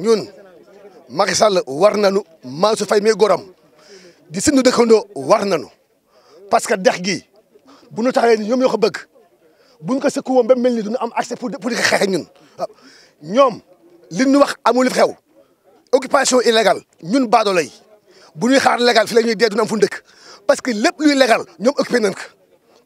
ñun Macky Sall war nañu Mansour Faye mi goram di suñu dëkkandoo war nañu parce que dex gi bu ñu taxawee ni ñoom ñoo ko bëgg buñ ko sëkku woon ba mel ni duñu am accès pour pour di ko ñun ñoom li ñu wax amul li xew occupation illegal ñun baadoo bu ñuy xaar legal fi la ñuy dee duñu am fu dëkk parce que lépp luy legal ñoom occupé nañ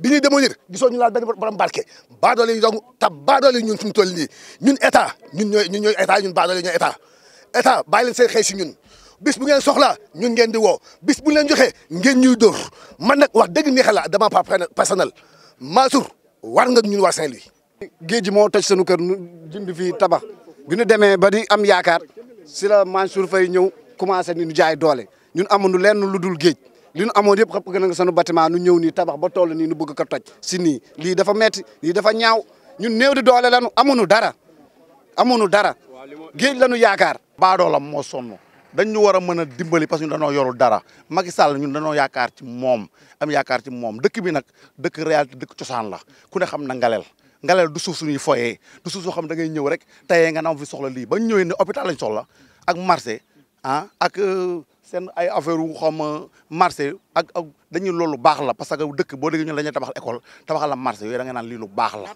bi ñuy démolir gisoo ñu laal benn borom barke baadoole yi dong te baadoole yi ñun ñu mu toll nii ñun état ñun ñooy ñun ñooy état ñun baadoole yi ñooy état état bàyyi leen si ñun bis bu ngeen soxlaa ñun ngeen di woo bis bu leen joxee ngeen ñuy dóor man nag wax dëgg neexe la dama pas personnel Mansour war nga ñun waa Saint-Louis géej gi moo toj sunu kër nu jënd fii tabax bi ñu demee ba di am yaakaar si la Mansour fay ñëw commencé ni ñu jaay doole ñun amuñu lenn lu dul géej li nu amoon yëpp xëpp gën a sunu bâtiment nu ñëw nii tabax ba toll nii nu bëgg ko toj si nii lii dafa met lii dafa ñaaw ñu new di doole lanu amuñu dara amuñu dara géej lanu yaakaar baadoolam moo sonn dañ ñu war a mën a dimbali parce que ñu dañoo yorul dara Macky Sall ñun dañoo yaakaar ci moom am yaakaar ci moom dëkk bi nag dëkk réalité dëkk cosaan la ku ne xam na ngaleel ngaleel du suuf suñuy foyee du suuf soo xam da ngay ñëw rek tayee nga na am fi soxla lii ba ñëwee ne hôpital lañ soxla ak marché ah ak euh, seen ay affaire wu xam marché ak ak dañuy loolu baax la parce que dëkk boo déggee ñu a tabax école tabaxal la marché yooyu da nga naan lii lu baax la.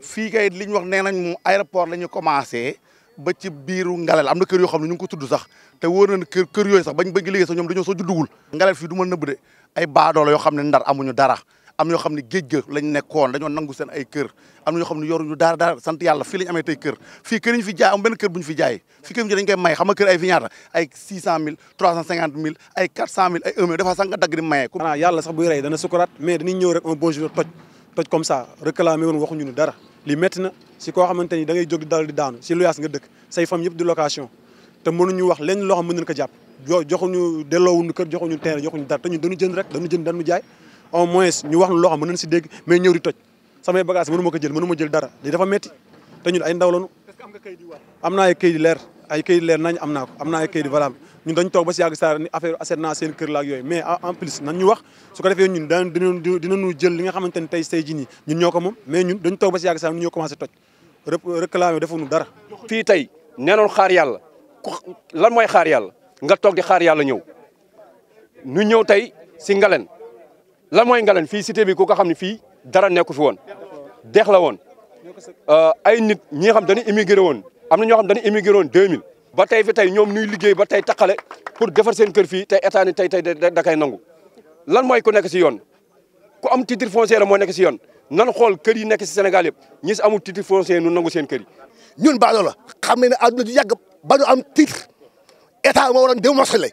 fii kay li ñu wax nee nañ mu aéroport la ñu commencé ba ci biiru Ngalel am na kër yoo xam ne ñu ngi ko tudd sax te wóor na ne kër kër yooyu sax bañ bëgg liggéey sax ñoom dañoo soo juddugul. Ngalel fii du ma nëbb de ay baadoolo yoo xam ne ndar amuñu dara. am ñoo xam ne géej ga lañ nekkoon dañoo nangu seen ay kër am na ñoo xam ne yoruñu daara daara sant yàlla fii lañ amee tey kër fii kër yi ñu fi jaay am benn kër bu ñu fi jaay fii kër yi dañ koy may xam nga kër ay fi ñaata ay 600000 350000 ay 400000 ay 1 million dafa sax nga dagg di maye xanaa yàlla sax buy rey dana sukuraat mais dañuy ñëw rek un bon jour toj toj comme ça réclamé woon waxuñu ñu dara li métti na si koo xamante ni da ngay jóg di dal di daanu si luyaas nga dëkk say fam yëpp di location te mënuñu wax lenn loo xam mën nañ ko jàpp joxuñu delloowuñu kër joxuñu terrain joxuñu dara te ñu dañu jënd rek dañu jënd dañu jaay au moins ñu wax loo xam mën nañ dégg mais ñëw di toj samay bagage mënu ma jël mënu ma jël dara lii dafa metti te ñun ay ndaw lañu am ay kayit di leer ay kayit leer nañ am naa ko amna, naa ay kayit di valable ñun dañ toog ba si yàgg saa ni affaire aset naa seen kër la ak yooyu mais en plus nañ ñu wax su ko defee ñun daan dinañu dinañu jël li nga xamante ni tey say ñun mais ñun dañ ba commencé toj dara xaar lan xaar nga di xaar ñu lan mooy ngalan fii cité bi ku ko xam ne fii dara nekku fi woon deex la woon euh, ay nit ñi xam dañu immigré woon am na ñoo xam dañu immigré woon 2000 ba tey fi tey ñoom ñuy liggéey ba tey taqale pour defar seen kër fii tey état ni tey tey da kay nangu lan mooy ku nekk si yoon ko am titre foncier la moo nekk si yoon nan xool kër yi nekk si Sénégal yëpp ñi si amul titre foncier nu nangu seen kër yi ñun baadoo la xam ne ne àdduna ju yàgg ba ñu am titre état moo waroon démontrer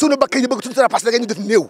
suñu bakkan yi bëgg tuuti rapace da ngeen ñu def néew.